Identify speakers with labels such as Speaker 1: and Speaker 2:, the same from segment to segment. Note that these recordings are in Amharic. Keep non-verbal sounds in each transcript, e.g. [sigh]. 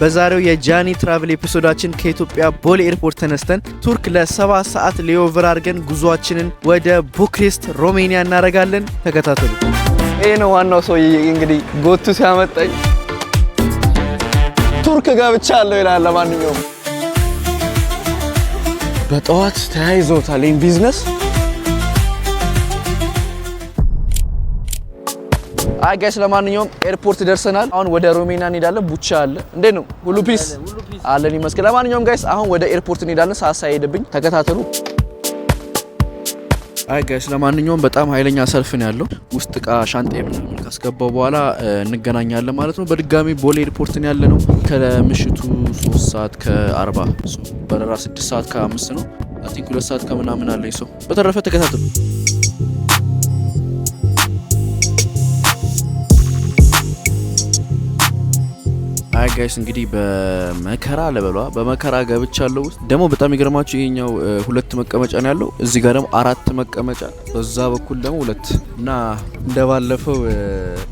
Speaker 1: በዛሬው የጃኒ ትራቭል ኤፒሶዳችን ከኢትዮጵያ ቦሌ ኤርፖርት ተነስተን ቱርክ ለሰባ ሰዓት ሌኦቨር አድርገን ጉዞችንን ወደ ቡክሬስት ሮሜኒያ እናደርጋለን። ተከታተሉ። ይህ ነው ዋናው ሰውዬ እንግዲህ ጎቱ ሲያመጣኝ ቱርክ ገብቻ አለው ይላል። ለማንኛውም በጠዋት ተያይዘውታል ይህን ቢዝነስ አይ ጋይስ፣ ለማንኛውም ኤርፖርት ደርሰናል። አሁን ወደ ሮሜኒያ እንሄዳለን። ቡቻ አለ እንዴ ነው ሁሉ ፒስ አለን ይመስገን። ለማንኛውም ጋይስ፣ አሁን ወደ ኤርፖርት እንሄዳለን። ሳሳ ሄደብኝ፣ ተከታተሉ። አይ ጋይስ፣ ለማንኛውም በጣም ኃይለኛ ሰልፍ ነው ያለው። ውስጥ እቃ ሻንጤ ምናምን ካስገባው በኋላ እንገናኛለን ማለት ነው። በድጋሚ ቦሌ ኤርፖርት ነው ያለ ነው። ከምሽቱ 3 ሰዓት ከ40 በረራ 6 ሰዓት ከ5 ነው። አይ ቲንክ 2 ሰዓት ከምናምን አለኝ ሰው። በተረፈ ተከታተሉ። አይ ጋይስ እንግዲህ በመከራ ለበሏ በመከራ ገብቻለሁ ውስጥ ደግሞ በጣም ይገርማችሁ ይሄኛው ሁለት መቀመጫ ነው ያለው። እዚህ ጋር ደግሞ አራት መቀመጫ፣ በዛ በኩል ደግሞ ሁለት እና እንደባለፈው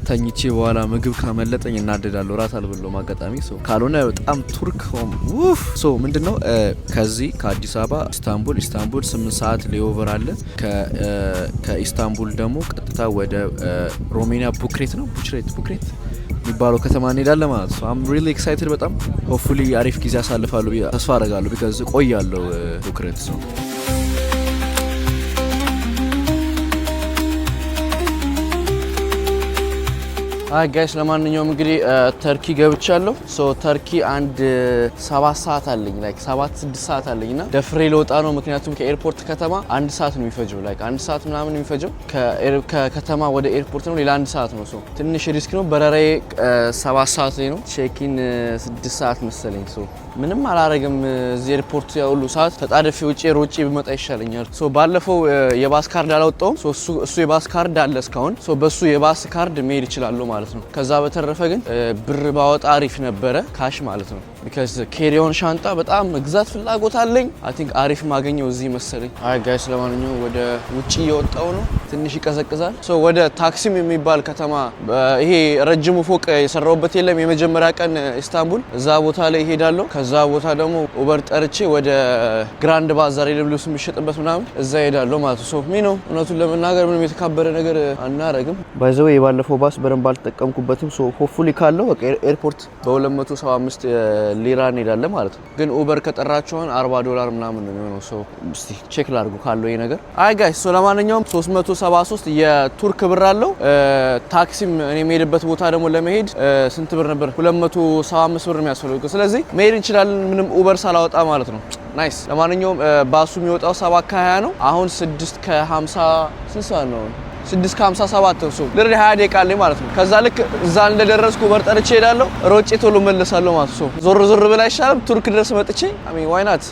Speaker 1: ተኝቼ በኋላ ምግብ ካመለጠኝ እናደዳለሁ። ራት አልበላሁም አጋጣሚ ሰው ካልሆነ በጣም ቱርክ ሆም ውፍ ሰው ምንድን ነው ከዚህ ከአዲስ አበባ ኢስታንቡል ኢስታንቡል ስምንት ሰዓት ሌኦቨር አለ። ከኢስታንቡል ደግሞ ቀጥታ ወደ ሮሜኒያ ቡክሬት ነው ቡክሬት ቡክሬት የሚባለው ከተማ እንሄዳለን ማለት ነው። አም ሪሊ ኤክሳይትድ በጣም ሆፕፉሊ አሪፍ ጊዜ አሳልፋለሁ ተስፋ አደርጋለሁ። ቢካዝ ቆያለሁ ዩክሬን ነው አይ ጋይስ ለማንኛውም እንግዲህ ተርኪ ገብቻለሁ። ሶ ተርኪ አንድ ሰባት ሰዓት አለኝ ላይክ ሰባት ስድስት ሰዓት አለኝ እና ደፍሬ ለወጣ ነው። ምክንያቱም ከኤርፖርት ከተማ አንድ ሰዓት ነው የሚፈጀው ላይክ አንድ ሰዓት ምናምን የሚፈጀው ከከተማ ወደ ኤርፖርት ነው ሌላ አንድ ሰዓት ነው። ሶ ትንሽ ሪስክ ነው። በረራዬ ሰባት ሰዓት ላይ ነው። ቼኪን ስድስት ሰዓት መሰለኝ። ሶ ምንም አላረግም እዚህ ኤርፖርት ያሁሉ ሰዓት ተጣደፊ ውጭ ሮጬ ብመጣ ይሻለኛል። ሶ ባለፈው የባስ ካርድ አላወጣውም። እሱ የባስ ካርድ አለ እስካሁን። ሶ በሱ የባስ ካርድ መሄድ ይችላሉ ማለት ማለት ነው። ከዛ በተረፈ ግን ብር ባወጣ አሪፍ ነበረ ካሽ ማለት ነው። ቢካዝ ኬሪዮን ሻንጣ በጣም መግዛት ፍላጎት አለኝ። አይ ቲንክ አሪፍ ማገኘው እዚህ መሰለኝ። አይ ጋይስ፣ ለማንኛው ወደ ውጭ እየወጣው ነው፣ ትንሽ ይቀዘቅዛል። ሶ ወደ ታክሲም የሚባል ከተማ ይሄ ረጅሙ ፎቅ የሰራውበት የለም የመጀመሪያ ቀን ኢስታንቡል፣ እዛ ቦታ ላይ ይሄዳለሁ። ከዛ ቦታ ደግሞ ኡበር ጠርቼ ወደ ግራንድ ባዛር የልብስ የሚሸጥበት ምናምን እዛ ይሄዳለሁ ማለት ነው። ሶ ሚ ነው እውነቱን ለመናገር ምንም የተካበረ ነገር አናረግም። ባይዘወ የባለፈው ባስ በደንብ የተጠቀምኩበትም ሆፉሊ ካለው ኤርፖርት በ275 ሊራ እንሄዳለን ማለት ነው። ግን ኡበር ከጠራቸውን 40 ዶላር ምናምን ነው የሚሆነው። ሰው እስቲ ቼክ ላድርጉ ካለው ይሄ ነገር። አይ ጋይስ፣ ሶ ለማንኛውም 373 የቱርክ ብር አለው። ታክሲም እኔ የሚሄድበት ቦታ ደግሞ ለመሄድ ስንት ብር ነበር? 275 ብር የሚያስፈልገው። ስለዚህ መሄድ እንችላለን ምንም ኡበር ሳላወጣ ማለት ነው። ናይስ ለማንኛውም ባሱ የሚወጣው 7 ከ20 ነው። አሁን 6 ከ50 ስንት ሰዓት ነው? 657 ነው ሱቅ ልሬ 20 ደቂቃ አለኝ ማለት ነው። ከዛ ልክ እዛ እንደደረስኩ በርጠርቼ ሄዳለሁ ሮጬ ቶሎ መለሳለሁ ማለት ነው። ዞር ዞር ብላ አይሻልም? ቱርክ ድረስ መጥቼ ዋይናት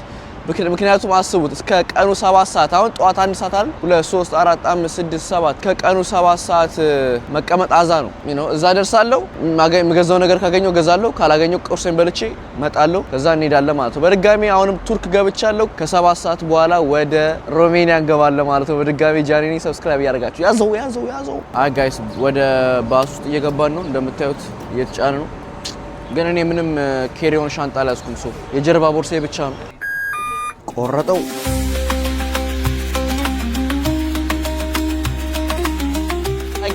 Speaker 1: ምክንያቱም አስቡት እስከ ቀኑ ሰባት ሰዓት አሁን ጠዋት አንድ ሰዓት አይደል 2 ሶስት አራት አምስት ስድስት ሰባት ከቀኑ ሰባት ሰዓት መቀመጥ አዛ ነው ነው። እዛ ደርሳለሁ። የምገዛው ነገር ካገኘው ገዛለሁ፣ ካላገኘው ቁርሴን በልቼ መጣለሁ። ከዛ እንሄዳለን ማለት ነው። በድጋሚ አሁንም ቱርክ ገብቻለሁ። ከሰባት ሰዓት በኋላ ወደ ሮሜኒያ እንገባለን ማለት ነው። በድጋሚ ጃኒኒ ሰብስክራይብ እያደረጋችሁ ያዘው ያዘው ያዘው። አይ ጋይስ ወደ ባስ ውስጥ እየገባን ነው። እንደምታዩት እየተጫነ ነው። ግን እኔ ምንም ኬሪዮን ሻንጣ አልያዝኩም። ሰው የጀርባ ቦርሴ ብቻ ነው ቆረጠው።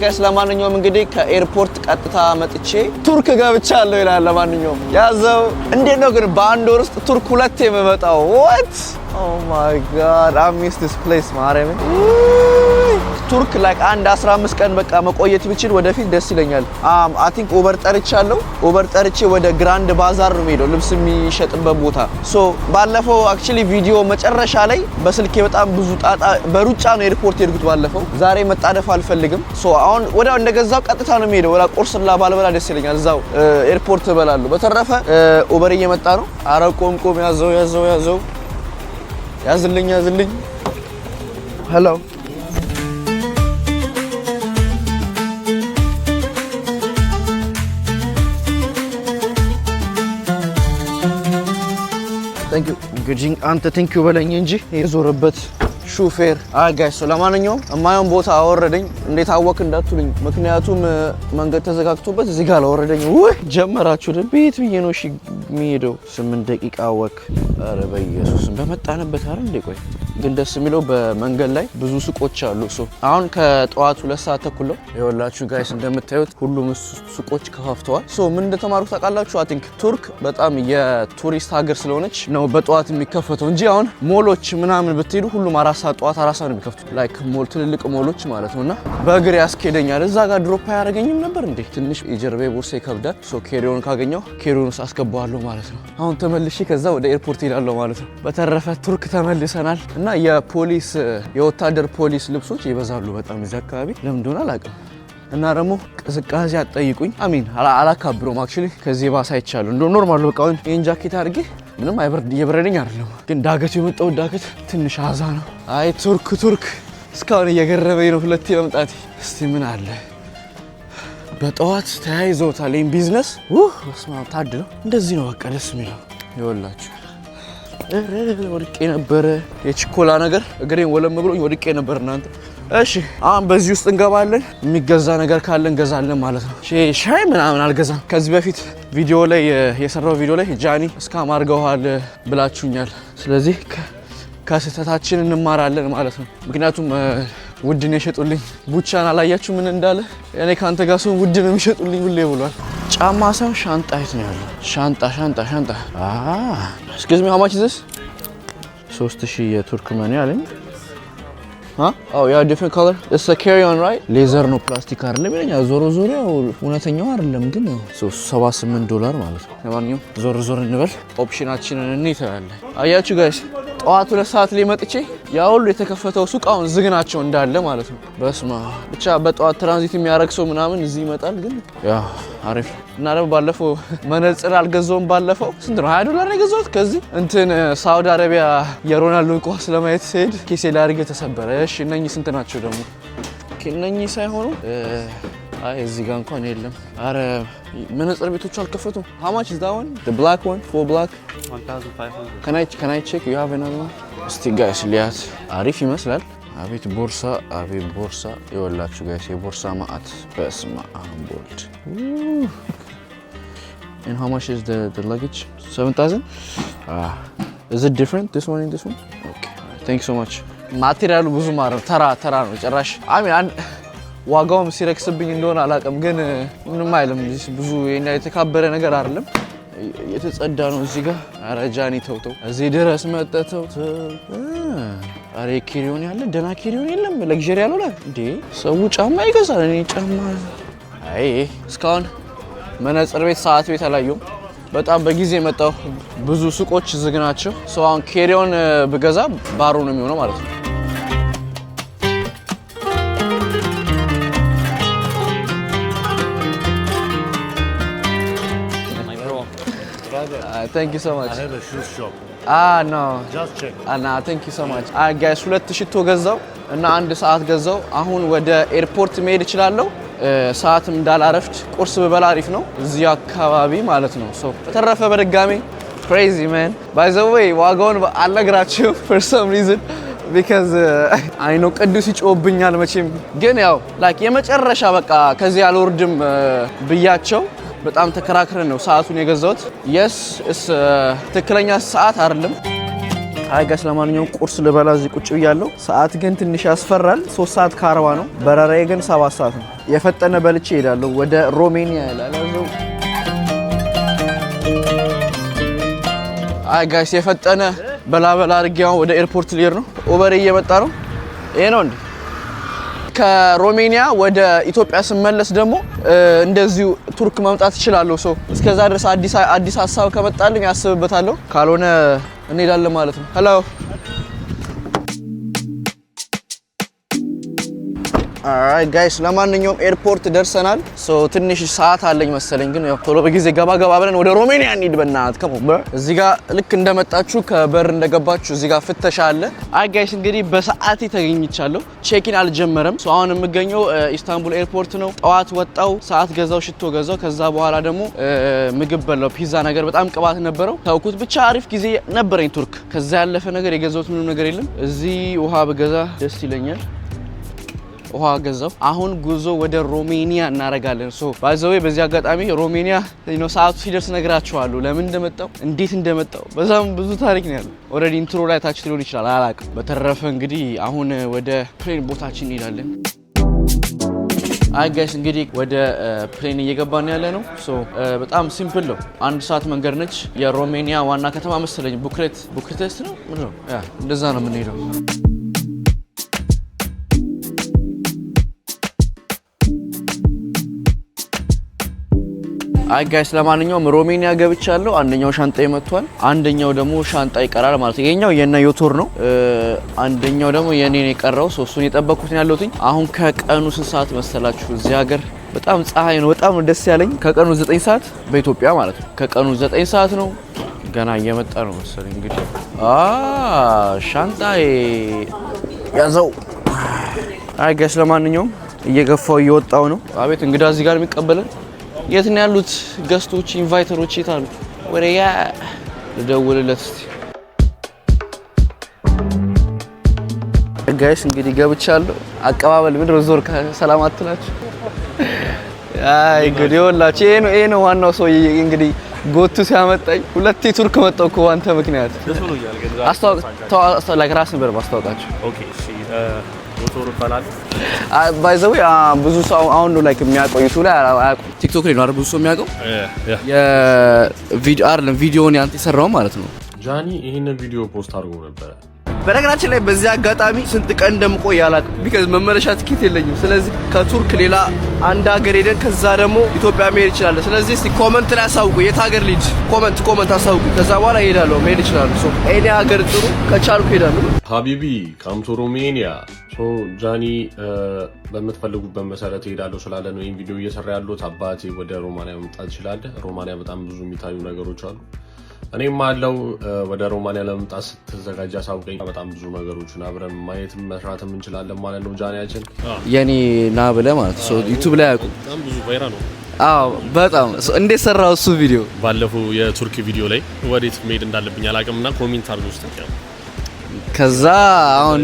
Speaker 1: ጋይስ ለማንኛውም እንግዲህ ከኤርፖርት ቀጥታ መጥቼ ቱርክ ገብቻለሁ ይላል። ለማንኛውም ያዘው። እንዴት ነው ግን በአንድ ወር ውስጥ ቱርክ ሁለት የምመጣው? ወት ኦ ማይ ጋድ አምስት ዲስ ፕሌስ ማርያምን ቱርክ ላይክ አንድ 15 ቀን በቃ መቆየት ብችል ወደፊት ደስ ይለኛል። አም አይ ቲንክ ኦቨር ጠርቻለሁ። ኦቨር ጠርቼ ወደ ግራንድ ባዛር ነው የሚሄደው ልብስ የሚሸጥበት ቦታ። ሶ ባለፈው አክቹሊ ቪዲዮ መጨረሻ ላይ በስልኬ በጣም ብዙ ጣጣ በሩጫ ነው ኤርፖርት የሄድኩት ባለፈው። ዛሬ መጣደፍ አልፈልግም። ሶ አሁን ወዲያው እንደገዛው ቀጥታ ነው የሚሄደው። ወላ ቁርስላ ባልበላ ደስ ይለኛል። እዛው uh, ኤርፖርት እበላለሁ። በተረፈ ኦቨር uh, እየመጣ ነው። አረ ቆምቆም ያዘው ያዘው ያዘው ያዝልኝ ያዝልኝ። ሄሎ ፓኬጂንግ አንተ ቲንክ ዩ በለኝ እንጂ የዞረበት ሹፌር አጋይ ሰው። ለማንኛውም የማየውን ቦታ አወረደኝ። እንዴት አወክ እንዳትሉኝ፣ ምክንያቱም መንገድ ተዘጋግቶበት እዚህ ጋር አወረደኝ። ውይ ጀመራችሁ ቤት ብዬ ነው የሚሄደው። ስምንት ደቂቃ ወክ። ኧረ በኢየሱስም በመጣንበት አረ እንዴ ቆይ ግን ደስ የሚለው በመንገድ ላይ ብዙ ሱቆች አሉ። አሁን ከጠዋት ሁለት ሰዓት ተኩል ነው የወላችሁ ጋይስ። እንደምታዩት ሁሉም ሱቆች ከፋፍተዋል። ሶ ምን እንደተማሩ ታውቃላችሁ? አይ ቲንክ ቱርክ በጣም የቱሪስት ሀገር ስለሆነች ነው በጠዋት የሚከፈተው እንጂ አሁን ሞሎች ምናምን ብትሄዱ ሁሉም አራት ሰዓት ጠዋት አራት ሰዓት ነው የሚከፍቱ ላይክ ሞል ትልልቅ ሞሎች ማለት ነው። እና በእግር ያስኬደኛል። እዛ ጋር ድሮፕ አያደርገኝም ነበር እንዴ? ትንሽ የጀርባ ቦርሳ ይከብዳል። ሶ ኬሪዮን ካገኘው ኬሪዮን ውስጥ አስገባዋለሁ ማለት ነው። አሁን ተመልሼ ከዛ ወደ ኤርፖርት ይላለሁ ማለት ነው። በተረፈ ቱርክ ተመልሰናል። እና የፖሊስ የወታደር ፖሊስ ልብሶች ይበዛሉ በጣም እዚህ አካባቢ ለምን እንደሆነ አላውቅም። እና ደግሞ ቅዝቃዜ አጠይቁኝ አሚን አላካብሮም አክቹዋሊ ከዚህ ባሳ ይቻሉ እንደ ኖርማሉ በቃ አሁን ይህን ጃኬት አድርጌ ምንም እየበረደኝ አይደለም፣ ግን ዳገቱ የመጣው ዳገት ትንሽ አዛ ነው። አይ ቱርክ ቱርክ እስካሁን እየገረበኝ ነው ሁለቴ መምጣት እስቲ ምን አለ በጠዋት ተያይዘውታል ይህም ቢዝነስ። ውህ በስመ አብ ታድለው። እንደዚህ ነው በቃ ደስ የሚለው ይወላችሁ ወድቄ ነበረ። የችኮላ ነገር እግሬን ወለም ብሎኝ ወድቄ ነበር። እናንተ እሺ፣ አሁን በዚህ ውስጥ እንገባለን። የሚገዛ ነገር ካለ እንገዛለን ማለት ነው። ሻይ ምናምን አልገዛም። ከዚህ በፊት ቪዲዮ ላይ የሰራው ቪዲዮ ላይ ጃኒ እስካም አድርገዋል ብላችሁኛል። ስለዚህ ከስህተታችን እንማራለን ማለት ነው። ምክንያቱም ውድን የሸጡልኝ ቡቻን አላያችሁ ምን እንዳለ። እኔ ከአንተ ጋር ሲሆን ውድ ነው የሚሸጡልኝ ሁሌ ብሏል። ጫማ ሳይሆን ሻንጣ የት ነው ያለው? ሻንጣ ሻንጣ ሻንጣ። እስኪዝ ሀማች ዝስ ሶስት ሺህ የቱርክ መኒ አለኝ። ያ ዲፍረንት ካለር እስ ካሪ ኦን ራይት ሌዘር ነው ፕላስቲክ አይደለም ይለኛል። ዞሮ ዞሮ ያው እውነተኛው አይደለም ግን 78 ዶላር ማለት ነው። ለማንኛውም ዞር ዞር እንበል ኦፕሽናችንን እንይ ትላለህ። አያችሁ ጋይስ ጠዋት ሁለት ሰዓት ላይ መጥቼ ያ ሁሉ የተከፈተው ሱቅ አሁን ዝግ ናቸው እንዳለ ማለት ነው። በስማ ብቻ በጠዋት ትራንዚት የሚያደርግ ሰው ምናምን እዚህ ይመጣል። ግን ያ አሪፍ እና ደግሞ ባለፈው መነጽር አልገዛውም። ባለፈው ስንት ነው? ሀያ ዶላር ነው የገዛሁት። ከዚህ እንትን ሳውዲ አረቢያ የሮናልዶ ኳስ ለማየት ሲሄድ ኬሴ ላድርገ ተሰበረ። እሺ እነኚህ ስንት ናቸው ደግሞ? እነኚህ ሳይሆኑ አይ እዚህ ጋር እንኳን የለም። አረ መነጽር ቤቶቹ አልከፈቱም። ሃው ማች ኢዝ ብላክ ዋን ፎር ብላክ
Speaker 2: 1500
Speaker 1: ቼክ ዩ ሃቭ እስቲ ጋይስ ሊያት አሪፍ ይመስላል። አቤት ቦርሳ፣ አቤት ቦርሳ። ይወላችሁ ጋይስ የቦርሳ ማአት በስመ አብ ቦልድ ማች ኢዝ ዘ ዘ ላጌጅ 7000 አ ኢዝ ኢት ዲፍረንት ማቴሪያሉ ብዙ ማረብ ተራ ተራ ነው ጭራሽ ዋጋውም ሲረክስብኝ እንደሆነ አላውቅም፣ ግን ምንም አይልም። ብዙ የተካበረ ነገር አይደለም። የተጸዳ ነው። እዚህ ጋር አረጃኒ ተውተው እዚህ ድረስ መጠተው አሬ ኪሪዮን ያለ ደና ኪሪዮን የለም። ለግዠሪ ያልሆነ እንዴ ሰው ጫማ ይገዛል። እኔ ጫማ አይ እስካሁን መነጽር ቤት፣ ሰዓት ቤት አላየሁም። በጣም በጊዜ የመጣው ብዙ ሱቆች ዝግ ናቸው። ሰው አሁን ኬሪዮን ብገዛ ባሮ ነው የሚሆነው ማለት ነው። ታንክ ዩ ሶ ማች። እና ዩ ሶ ማች ጋይስ። ሁለት ሽቶ ገዛው እና አንድ ሰዓት ገዛው። አሁን ወደ ኤርፖርት መሄድ እችላለሁ። ሰዓትም እንዳላረፍድ ቁርስ ብበላ አሪፍ ነው እዚህ አካባቢ ማለት ነው። ሰው በተረፈ በድጋሜ ክሬዚ ማን ባይ ዘ ዌይ ዋጋውን አልነግራችሁም ፎር ሰም ሪዝን ቢካዝ አይኖ ቅዱስ ይጮህብኛል መቼም። ግን ያው ላይክ የመጨረሻ በቃ ከዚህ አልወርድም ብያቸው በጣም ተከራክረን ነው ሰዓቱን የገዛሁት። የስ እስ uh, ትክክለኛ ሰዓት አይደለም። አይ ጋሽ፣ ለማንኛውም ቁርስ ልበላ እዚህ ቁጭ ብያለሁ። ሰዓት ግን ትንሽ ያስፈራል። ሶስት ሰዓት ከአርባ ነው በረራዬ ግን ሰባት ሰዓት ነው። የፈጠነ በልቼ እሄዳለሁ ወደ ሮሜኒያ ይላል። አይ ጋሽ፣ የፈጠነ በላበላ አድርጌ ወደ ኤርፖርት ልሄድ ነው። ኡበር እየመጣ ነው። ይሄ ነው እንዴ? ከሮሜኒያ ወደ ኢትዮጵያ ስመለስ ደግሞ እንደዚሁ ቱርክ መምጣት እችላለሁ። ሰው እስከዛ ድረስ አዲስ ሀሳብ ከመጣልኝ አስብበታለሁ። ካልሆነ እንሄዳለን ማለት ነው። ሄሎ አይ ጋይስ ለማንኛውም ኤርፖርት ደርሰናል። ሶ ትንሽ ሰዓት አለኝ መሰለኝ፣ ግን ያው ቶሎ በጊዜ ገባ ገባ ብለን ወደ ሮሜኒያ እንሂድ። በእናትህ ከሞበ እዚህ ጋር ልክ እንደመጣችሁ ከበር እንደገባችሁ እዚህ ጋር ፍተሻ አለ። አይ ጋይስ እንግዲህ በሰዓቴ ተገኝቻለሁ። ቼኪን አልጀመረም። ሶ አሁን የምገኘው ኢስታንቡል uh, ኤርፖርት ነው። ጠዋት ወጣው፣ ሰዓት ገዛው፣ ሽቶ ገዛው። ከዛ በኋላ ደግሞ uh, ምግብ በላው። ፒዛ ነገር በጣም ቅባት ነበረው፣ ተውኩት። ብቻ አሪፍ ጊዜ ነበረኝ ቱርክ። ከዛ ያለፈ ነገር የገዛሁት ምንም ነገር የለም። እዚህ ውሃ ብገዛ ደስ ይለኛል። ውሃ ገዛው። አሁን ጉዞ ወደ ሮሜኒያ እናደርጋለን። ሶ ባይዘው በዚህ አጋጣሚ ሮሜኒያ ሰዓቱ ሲደርስ ነግራችኋለሁ፣ ለምን እንደመጣው እንዴት እንደመጣው በዛም ብዙ ታሪክ ነው ያለው። ኦልሬዲ ኢንትሮ ላይ ታች ሊሆን ይችላል አላቅም። በተረፈ እንግዲህ አሁን ወደ ፕሌን ቦታችን እንሄዳለን። አይ ጋይስ እንግዲህ ወደ ፕሌን እየገባን ያለ ነው። ሶ በጣም ሲምፕል ነው። አንድ ሰዓት መንገድ ነች። የሮሜኒያ ዋና ከተማ መሰለኝ ቡክሬት ቡክሬስት ነው ምንድን ነው እንደዛ ነው የምንሄደው አይ ጋይስ፣ ለማንኛውም ሮሜኒያ ገብቻለሁ። አንደኛው ሻንጣ መጥቷል፣ አንደኛው ደግሞ ሻንጣ ይቀራል ማለት ነው። ይሄኛው የነ ዮቶር ነው፣ አንደኛው ደግሞ የኔ ነው የቀረው። ሶስቱን የጠበቅኩትን ያለሁትኝ አሁን ከቀኑ ስንት ሰዓት መሰላችሁ? እዚህ ሀገር በጣም ፀሐይ ነው። በጣም ደስ ያለኝ። ከቀኑ 9 ሰዓት በኢትዮጵያ ማለት ነው። ከቀኑ 9 ሰዓት ነው። ገና እየመጣ ነው መሰለኝ። እንግዲህ ሻንጣ ያዘው። አይ ጋይስ፣ ለማንኛውም እየገፋው እየወጣው ነው። አቤት እንግዳ እዚህ ጋር የሚቀበለን የት ነው ያሉት? ገስቶች ኢንቫይተሮች የት አሉ? ወደ ያ ልደውልለት እስቲ። ጋይስ እንግዲህ ገብቻለሁ። አቀባበል ምድር ዞር ሰላም አትላችሁ። አይ እንግዲህ ይኸውላችሁ ይሄ ነው ይሄ ነው ዋናው ሰውዬ እንግዲህ ጎቱ ሲያመጣኝ ሁለቴ ቱርክ መጣሁ እኮ አንተ ምክንያት አስተዋውቅ ራስን በደምብ አስተዋውቃችሁ ባይዘዌ uh, uh, ብዙ ሰው አሁን ነው ላይክ የሚያውቀው ዩቱብ ላይ አያውቁም። ቲክቶክ ላይ ነው አይደል ብዙ ሰው የሚያውቀው። የቪዲዮ አይደለም ቪዲዮውን ያንተ የሰራው ማለት ነው።
Speaker 3: ጃኒ ይህንን ቪዲዮ ፖስት አድርጎ ነበረ
Speaker 1: በነገራችን ላይ በዚህ አጋጣሚ ስንት ቀን እንደምቆይ አላውቅም፣ ቢካዝ መመለሻ ትኬት የለኝም። ስለዚህ ከቱርክ ሌላ አንድ ሀገር ሄደን ከዛ ደግሞ ኢትዮጵያ መሄድ እችላለሁ። ስለዚህ እስቲ ኮመንት ላይ አሳውቁ፣ የት ሀገር ልጅ ኮመንት ኮመንት አሳውቁ። ከዛ በኋላ እሄዳለሁ፣ መሄድ እችላለሁ። ሶ እኔ ሀገር ጥሩ ከቻልኩ እሄዳለሁ።
Speaker 3: ሀቢቢ ካምቱ ሩሜኒያ ጃኒ በምትፈልጉበት መሰረት እሄዳለሁ ስላለ ነው ይህን ቪዲዮ እየሰራ ያሉት። አባቴ ወደ ሮማንያ መምጣት ይችላለ። ሮማንያ በጣም ብዙ የሚታዩ ነገሮች አሉ። እኔም አለው ወደ ሮማንያ ለመምጣት ስትዘጋጅ አሳውቀኝ። በጣም ብዙ ነገሮችን አብረን ማየት መስራትም እንችላለን ማለት ነው። ጃንያችን
Speaker 1: የኔ ና ብለህ ማለት ዩቱብ ላይ ያውቁ
Speaker 3: በጣም ብዙ ነው።
Speaker 1: በጣም እንዴት ሰራው እሱ ቪዲዮ
Speaker 3: ባለፈው የቱርክ ቪዲዮ ላይ ወዴት መሄድ እንዳለብኝ አላውቅምና ኮሜንት አድርጎ ውስጥ
Speaker 1: ከዛ አሁን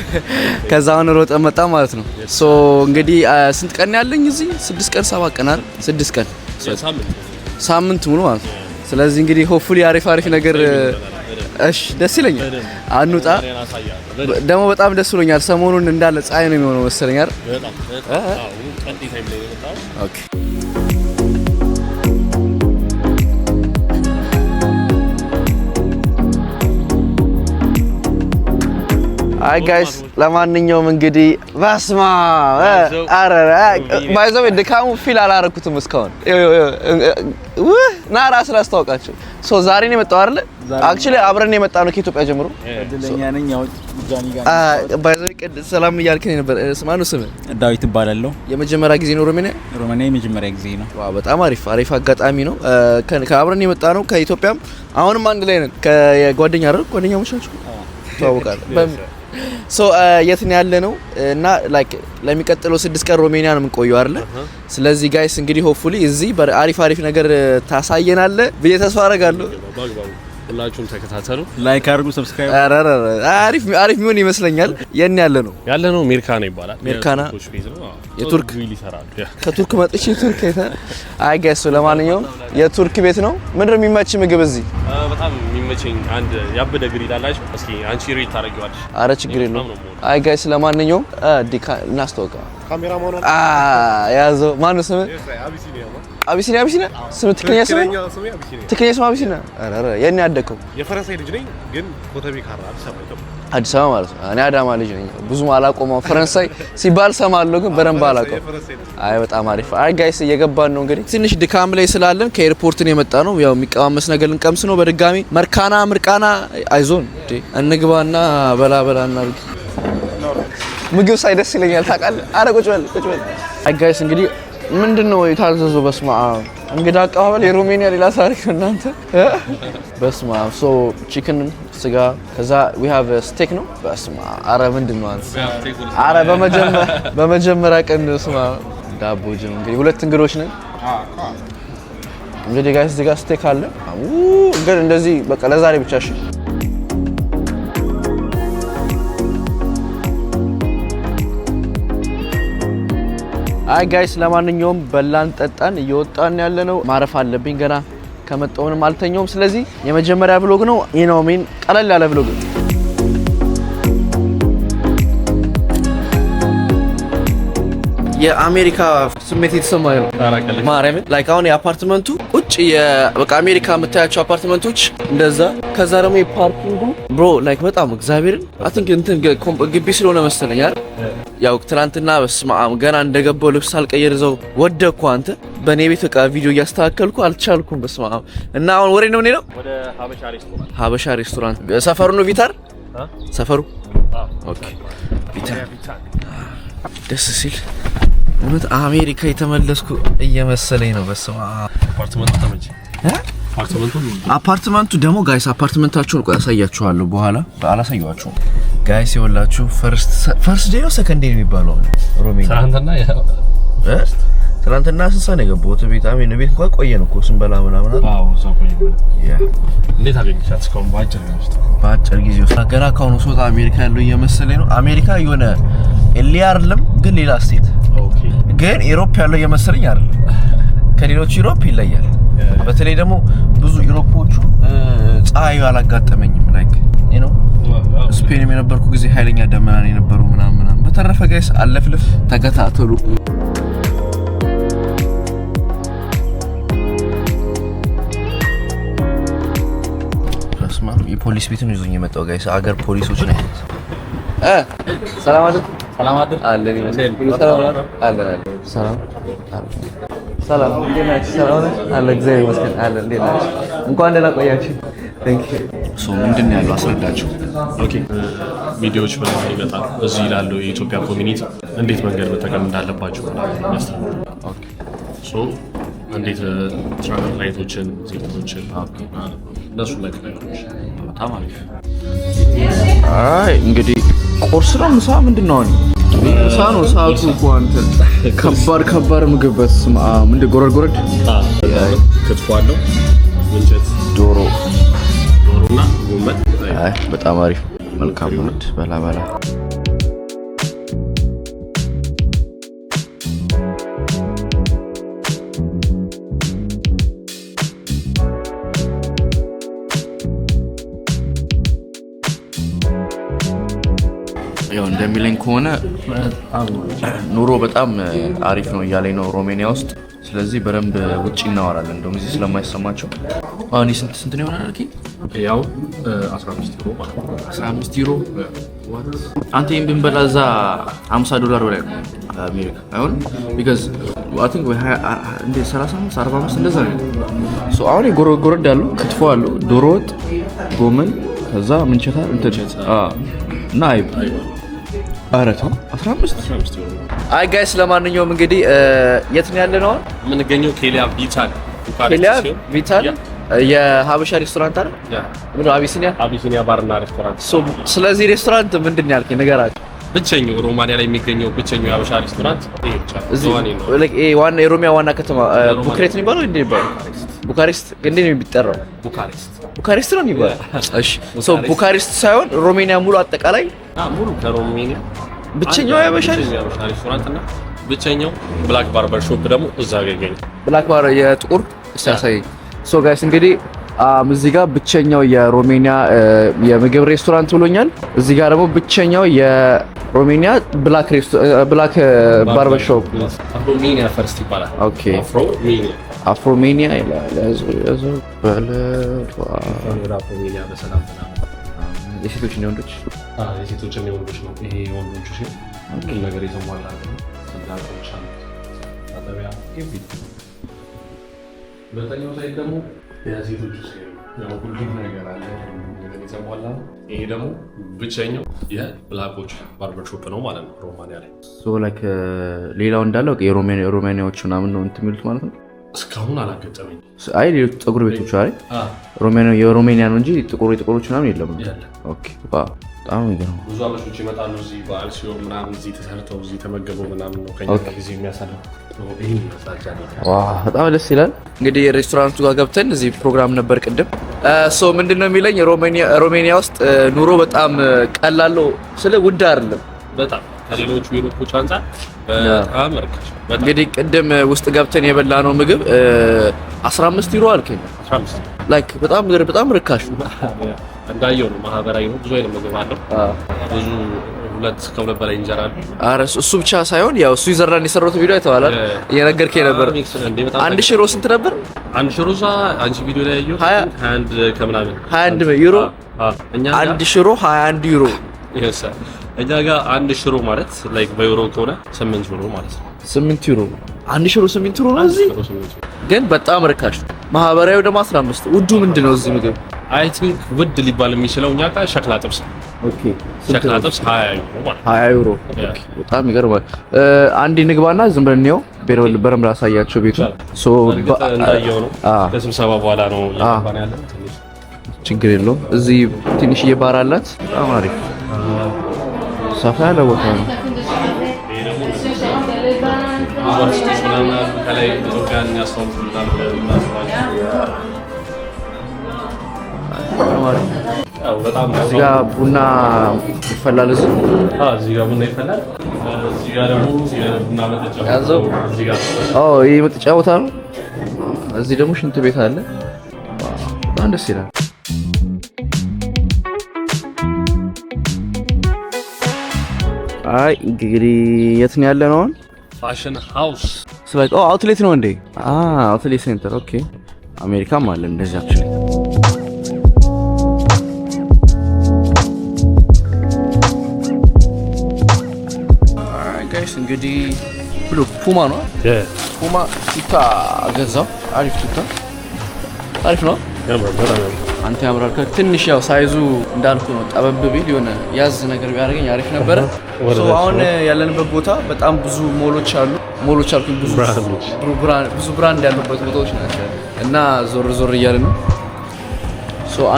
Speaker 1: [laughs] ከዛ አሁን ሮጠ መጣ ማለት ነው። ሶ እንግዲህ ስንት ቀን ያለኝ እዚህ ስድስት ቀን ሰባት ቀናል ስድስት ቀን ሳምንት ሙሉ ማለት ነው ስለዚህ እንግዲህ ሆፕፉሊ አሪፍ አሪፍ ነገር እሺ፣ ደስ ይለኛል። አንውጣ ደግሞ በጣም ደስ ብሎኛል። ሰሞኑን እንዳለ ፀሐይ ነው የሚሆነው መሰለኛል። ኦኬ አይ ጋይስ፣ ለማንኛውም እንግዲህ በስማ አረ ባይዘው ድካሙ ፊል አላረኩትም እስካሁን። ና ራስ ላስታውቃቸው። ሶ ዛሬ ነው የመጣው አይደል? አክቹሊ አብረን የመጣ ነው ከኢትዮጵያ ጀምሮ። ባይዘው ሰላም እያልከኝ ነበር።
Speaker 3: ማነው ስምህ? ዳዊት እባላለሁ።
Speaker 1: የመጀመሪያ ጊዜ ነው ሮሜኒያ?
Speaker 3: ሮሜኒያ የመጀመሪያ ጊዜ ነው።
Speaker 1: በጣም አሪፍ አሪፍ አጋጣሚ ነው። ከአብረን የመጣ ነው ከኢትዮጵያም። አሁንም አንድ ላይ ነን። ከጓደኛ አይደል? ጓደኛሞች ናቸው። ተዋውቃለህ ሶ uh, የት ነው ያለ ነው እና ላይክ ለሚቀጥለው ስድስት ቀን ሮሜኒያ ነው የምንቆየው አይደለ? ስለዚህ ጋይስ እንግዲህ ሆፕፉሊ እዚህ አሪፍ አሪፍ ነገር uh, ታሳየናለ ብዬ ተስፋ አረጋለሁ።
Speaker 3: ሁላችሁም ተከታተሉ፣ ላይክ አድርጉ፣ ሰብስክራይብ።
Speaker 1: አሪፍ አሪፍ ሚሆን ይመስለኛል። የት ያለ ነው
Speaker 3: ያለ ነው ሜርካና ይባላል።
Speaker 1: ሜርካና የቱርክ ከቱርክ መጥቼ ቱርክ አይታ አይ ጋይስ። ለማንኛውም የቱርክ ቤት ነው ምንድነው የሚመች ምግብ እዚህ
Speaker 3: በጣም የሚመቸኝ አንድ ያበደ ግሪድ አላችሁ። እስኪ አንቺ ሪድ ታደርጊዋለሽ።
Speaker 1: አረ ችግር የለውም። አይ ጋይስ፣ ለማንኛውም እናስተዋውቀው። ያዘው ማን ነው ስም? አቢሲኒያ አቢሲኒያ ስም ትክክለኛ ስም ትክክለኛ ስም አቢሲኒያ። አረ የኔ ያደከው
Speaker 3: የፈረንሳይ ልጅ ነኝ ግን ኮተቤ ካራ አዲስ አበባ
Speaker 1: አዲስ አበባ ማለት ነው። እኔ አዳማ ልጅ ነኝ፣ ብዙም አላቆመው። ፈረንሳይ ሲባል ሰማለሁ፣ ግን በደንብ አላቆም። አይ በጣም አሪፍ። አይ ጋይስ እየገባን ነው። እንግዲህ ትንሽ ድካም ላይ ስላለን ከኤርፖርትን የመጣ ነው። ያው የሚቀማመስ ነገር ልንቀምስ ነው። በድጋሚ መርካና ምርቃና አይዞን እንግባና በላ በላ እናድርግ። ምግብ ሳይ ደስ ይለኛል ታውቃለህ። አረ ቁጭ በል ቁጭ በል። አይ ጋይስ እንግዲህ ምንድን ነው የታዘዘው? በስመ አብ እንግዳ አቀባበል የሮሜኒያ ሌላ ታሪክ ነው። እናንተ። በስማ ሶ ቺክን ስጋ፣ ከዛ ዊ ሃቭ ስቴክ ነው። በስማ አረ ምንድን ነው አንስ አረ በመጀመሪያ ቀን ስማ ዳቦ ጅም። እንግዲህ ሁለት እንግዶች ነን። እንግዲህ ጋይስ እዚህ ስቴክ አለ። እንግዲህ እንደዚህ በቃ ለዛሬ ብቻ እሺ አይ ጋይስ፣ ለማንኛውም በላን ጠጣን እየወጣን ያለ ነው። ማረፍ አለብኝ ገና ከመጣውንም አልተኛውም። ስለዚህ የመጀመሪያ ብሎግ ነው ኢኖሚን ቀለል ያለ ብሎግ ነው። የአሜሪካ ስሜት የተሰማ ነው። ማርያምን ላይክ አሁን የአፓርትመንቱ ቁጭ በቃ አሜሪካ የምታያቸው አፓርትመንቶች እንደዛ፣ ከዛ ደግሞ የፓርኪንጉ ብሮ ላይክ በጣም እግዚአብሔርን አትንክ እንትን ግቢ ስለሆነ መሰለኝ ያው ትናንትና በስማም ገና እንደገባው ልብስ አልቀየር ዘው ወደኩ። አንተ በእኔ ቤት በቃ ቪዲዮ እያስተካከልኩ አልቻልኩም። በስማም እና አሁን ወሬ ነው እኔ ነው ወደ ሀበሻ ሬስቶራንት ሰፈሩ ነው ቪታር ሰፈሩ ኦኬ ቪታር ደስ ሲል እውነት አሜሪካ የተመለስኩ እየመሰለኝ ነው። በስመ
Speaker 3: አፓርትመንት አፓርትመንቱ
Speaker 1: አፓርትመንቱ ደግሞ ጋይስ አፓርትመንታቸውን ቆይ አሳያችኋለሁ። በኋላ አላሳየኋችሁም ጋይስ የወላችሁ ፈርስት ፈርስት ዴይ ነው ሰከንድ ዴይ ነው የሚባለው ሮሜኒያ። ትናንትና ስንሳ ነው የገባሁት ቤት አሜ ነው ቤት እንኳን ቆየን እኮ ስንበላ ምናምን። በአጭር ጊዜ ውስጥ ገና ከአሁኑ ስወጣ አሜሪካ ያለው እየመሰለኝ ነው። አሜሪካ የሆነ ኤልኤ አይደለም ግን ሌላ ስቴት ግን ኢሮፕ ያለው እየመሰለኝ አይደለም። ከሌሎች ኢሮፕ ይለያል። በተለይ ደግሞ ብዙ ዩሮፖቹ ፀሐዩ አላጋጠመኝም። ላይክ ነው ስፔንም የነበርኩ ጊዜ ኃይለኛ ደመና የነበሩ ምናምን ምናምን። በተረፈ ጋይስ አለፍልፍ ተከታተሉ። የፖሊስ ቤትን ይዞኝ የመጣው ጋይስ አገር ፖሊሶች ነው ያሉት። ሰላም አይደል? ሰላም አይደል? አለ ይመስል ሰላም ሰላም እንዴት ናችሁ? ሰላም አለ እግዚአብሔር ይመስገን አለ። እንዴት ናችሁ? እንኳን ደህና ቆያችሁ። ምንድን ነው ያለው አስረዳችሁ።
Speaker 3: ኦኬ ሚዲያዎች በላይ ይመጣል እዚህ ይላሉ። የኢትዮጵያ ኮሚኒቲ እንዴት መንገድ መጠቀም እንዳለባቸው እንዴት ላይቶችን ዜቶችን እነሱ ላይ በጣም አሪፍ
Speaker 1: እንግዲህ ቁርስ ነው ምሳ ምንድን ነው? ምሳ ነው ሰዓቱ እኮ አንተ ከባድ ከባድ ምግብ በስመ አብ እንደ ጎረድ ጎረድ ክትፎ አለው ዶሮ
Speaker 3: ዶሮና ጎመን
Speaker 1: በጣም አሪፍ መልካም ሁነት በላ በላ ያው እንደሚለኝ ከሆነ ኑሮ በጣም አሪፍ ነው እያለኝ ነው ሮሜኒያ ውስጥ። ስለዚህ በደንብ ውጭ እናወራለን፣ እንደውም እዚህ ስለማይሰማቸው። አሁን ስንት ስንት ነው ይሆናል?
Speaker 3: ያው 15
Speaker 1: ዩሮ አንተ ይህን ብንበላ እዛ 50 ዶላር በላይ አሜሪካ አሁን ቢካዝ አይ ቲንክ እንደ 35 45 እንደዛ ነው። ሶ አሁን ጎረድ አለው፣ ክትፎ አለው፣ ዶሮ ወጥ፣ ጎመን ከዛ ምንቸታ እንትን እና አይብ አረታ 15 15 አይ ጋይስ፣ ለማንኛውም እንግዲህ የት ነው ያለ ነው
Speaker 3: የምንገኘው? ኬሊያ ቪታል
Speaker 1: ኬሊያ ቪታል የሀበሻ ሬስቶራንት አይደል? ያ ምን አቢሲኒያ
Speaker 3: አቢሲኒያ ባርና ሬስቶራንት።
Speaker 1: ሶ ስለዚህ ሬስቶራንት ምንድን ያልከ ያልከኝ? ንገራቸው።
Speaker 3: ብቸኛው ሮማንያ ላይ የሚገኘው ብቸኛው የሀበሻ ሬስቶራንት
Speaker 1: ይሄ ዋና የሮሚያ ዋና ከተማ ቡካሬስት ነው የሚባለው። እንዴ ነው ቡካሬስት ቡካሬስት እንዴ ነው የሚጠራው? ቡካሬስት ቡካሬስት ነው የሚባለው። [laughs] እሺ ሰው ቡካሬስት ሳይሆን ሮሜኒያ ሙሉ አጠቃላይ
Speaker 3: ሙሉ ከሮሜኒያ
Speaker 1: ብቸኛው ያበሻል ሬስቶራንት
Speaker 3: ብቸኛው ብላክ ባርበር ሾፕ ደግሞ እዛ ጋር ይገኛል።
Speaker 1: ብላክ ባር የጥቁር ሲያሳይ ሶ ጋይስ እንግዲህ እዚህ ጋር ብቸኛው የሮሜኒያ የምግብ ሬስቶራንት ብሎኛል። እዚህ ጋር ደግሞ ብቸኛው የሮሜኒያ ብላክ ባርበር ሾፕ
Speaker 3: ሮሜኒያ ፈርስት ይባላል።
Speaker 1: ኦኬ አፍሮሜኒያ ይላል። የሴቶች
Speaker 3: የሴቶች ነው። ይሄ ሁሉ ነገር የተሟላ ደግሞ ሁሉም ነገር አለ ይሄ ደግሞ ብቸኛው የብላኮች ባርበርሾፕ ነው ማለት ነው ሮማኒያ ላይ
Speaker 1: ሌላው እንዳለው የሮማኒያዎች ምናምን ነው እንትን የሚሉት ማለት ነው
Speaker 3: እስካሁን አላገጠመኝ።
Speaker 1: አይ ሌሎች ፀጉር ቤቶች አይ የሮሜኒያ ነው እንጂ ጥቁር የጥቁሮች ምናምን የለም። በጣም ይገርማል።
Speaker 3: ብዙ አበሾች ይመጣሉ እዚህ በዓል ሲሆን ምናምን እዚህ ተሰርተው እዚህ ተመገበው ምናምን ነው ከኛ ጊዜ የሚያሳልፉ።
Speaker 1: በጣም ደስ ይላል። እንግዲህ የሬስቶራንቱ ጋር ገብተን እዚህ ፕሮግራም ነበር ቅድም። ሶ ምንድን ነው የሚለኝ ሮሜኒያ ውስጥ ኑሮ በጣም ቀላለው ስለ ውድ አይደለም
Speaker 3: በጣም ከሌሎቹ ዩሮፖች አንጻር
Speaker 1: እንግዲህ ቅድም ውስጥ ገብተን የበላ ነው ምግብ 15 ዩሮ አልከኝ። ላይክ በጣም በጣም ርካሽ [laughs]
Speaker 3: እንዳየው ነው። ማህበራዊ ነው፣ ብዙ አይነት ምግብ አለው። ብዙ ሁለት ከሁለት በላይ እንጀራ
Speaker 1: አለ። እሱ ብቻ ሳይሆን ያው ይዘራን የሰራሁት ቪዲዮ አይተኸዋል አይደል? እየነገርከኝ ነበር። አንድ ሺህ ስንት ነበር?
Speaker 3: አንድ ሺህ ዩሮ አንቺ ቪዲዮ ላይ ያየሁት 21 ከምናምን
Speaker 1: 21 ዩሮ፣ አንድ ሺህ 21 ዩሮ
Speaker 3: ይሳል እኛ ጋር አንድ ሽሮ ማለት ላይክ በዩሮ ከሆነ ስምንት ዩሮ ማለት ነው።
Speaker 1: ስምንት ዩሮ አንድ ሽሮ ስምንት ዩሮ ነው። እዚህ ግን በጣም ርካሽ ማህበራዊ ደግሞ 15 ውዱ ምንድን ነው እዚህ ምግብ
Speaker 3: አይ ቲንክ ውድ ሊባል የሚችለው እኛ ጋር ሸክላ ጥብስ ሸክላ ጥብስ
Speaker 1: ሀያ ዩሮ በጣም ይገርማል። አንድ ንግባና ዝም ብለን ነው በረው በረም ላሳያቸው ቤቱ ሶ
Speaker 3: ከስብሰባ በኋላ ነው
Speaker 1: ያለው። ችግር የለውም። እዚህ ትንሽዬ ባር አላት። በጣም አሪፍ ሰፋ ያለ ቦታ ነው። እዚህ ጋ ቡና ይፈላል። እዚህ ይህ መጠጫ ቦታ ነው። እዚህ ደግሞ ሽንት ቤት አለ። በጣም ደስ ይላል። አይ እንግዲህ የት ነው ያለ ነው?
Speaker 3: ፋሽን ሃውስ
Speaker 1: ኦ አውትሌት ነው እንዴ? አውትሌት ሴንተር ኦኬ። አሜሪካም አለ እንደዚህ አክቹሊ ጋይስ እንግዲህ ብሎ ፑማ ነው ፑማ ቱታ ገዛው። አሪፍ ቱታ አሪፍ ነው። አንተ ያምራል። ትንሽ ያው ሳይዙ እንዳልኩ ነው ጠበብ ቢል የሆነ ያዝ ነገር ቢያደርገኝ አሪፍ ነበረ። አሁን ያለንበት ቦታ በጣም ብዙ ሞሎች አሉ። ሞሎች አሉ፣ ብዙ ብራንድ ያሉበት ቦታዎች ናቸው እና ዞር ዞር እያለ ነው።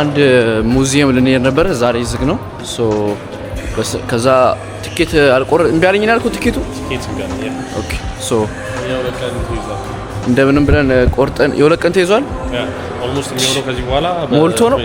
Speaker 1: አንድ ሙዚየም ልንሄድ ነበረ፣ ዛሬ ዝግ ነው። ከዛ ትኬት አልቆረ እምቢ አለኝና ያልኩ ትኬቱ እንደምንም ብለን ቆርጠን የሁለት ቀን ተይዟል ሞልቶ ነው።